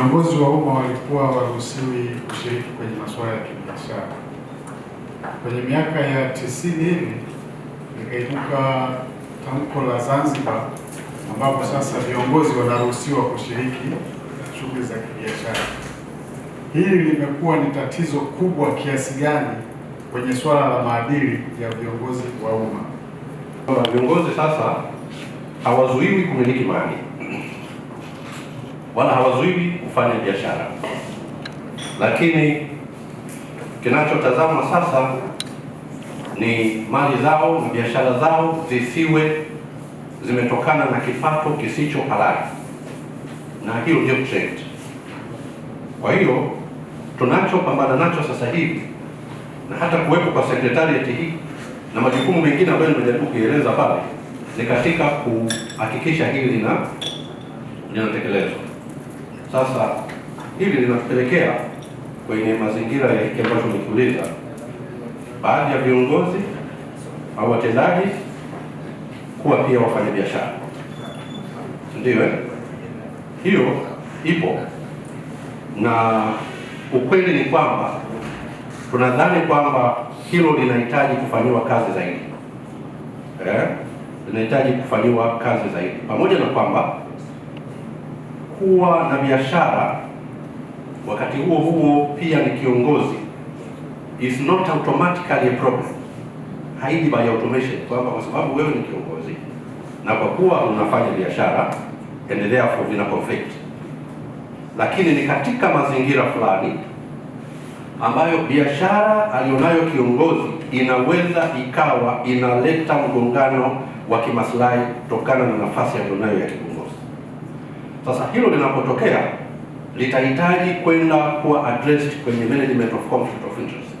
Viongozi wa umma walikuwa waruhusiwi kushiriki kwenye masuala ya kibiashara. Kwenye miaka ya tisini hivi likaibuka tamko la Zanzibar, ambapo sasa viongozi wanaruhusiwa kushiriki shughuli za kibiashara. Hili limekuwa ni tatizo kubwa kiasi gani kwenye swala la maadili ya viongozi wa umma? Viongozi sasa hawazuiwi kumiliki mali wala hawazuiwi kufanya biashara, lakini kinachotazamwa sasa ni mali zao na biashara zao zisiwe zimetokana na kipato kisicho halali, na hiyo ndio trend. Kwa hiyo tunachopambana nacho sasa hivi na hata kuwepo kwa sekretarieti hii na majukumu mengine ambayo nimejaribu kuieleza pale ni katika kuhakikisha hili lina linatekelezwa. Sasa hili linatupelekea kwenye mazingira ya hiki ambacho nikiuliza, baadhi ya viongozi au watendaji kuwa pia wafanyabiashara. eh? hiyo ipo, na ukweli ni kwamba tunadhani kwamba hilo linahitaji kufanyiwa kazi zaidi eh, linahitaji kufanyiwa kazi zaidi, pamoja na kwamba kuwa na biashara wakati huo huo pia ni kiongozi is not automatically a problem, haidi by automation, kwamba kwa sababu wewe ni kiongozi na kwa kuwa unafanya biashara endelea for vina conflict, lakini ni katika mazingira fulani ambayo biashara alionayo kiongozi inaweza ikawa inaleta mgongano wa kimaslahi kutokana na nafasi alionayo ya kiongozi. Sasa hilo linapotokea litahitaji kwenda kuwa addressed kwenye management of conflict of interest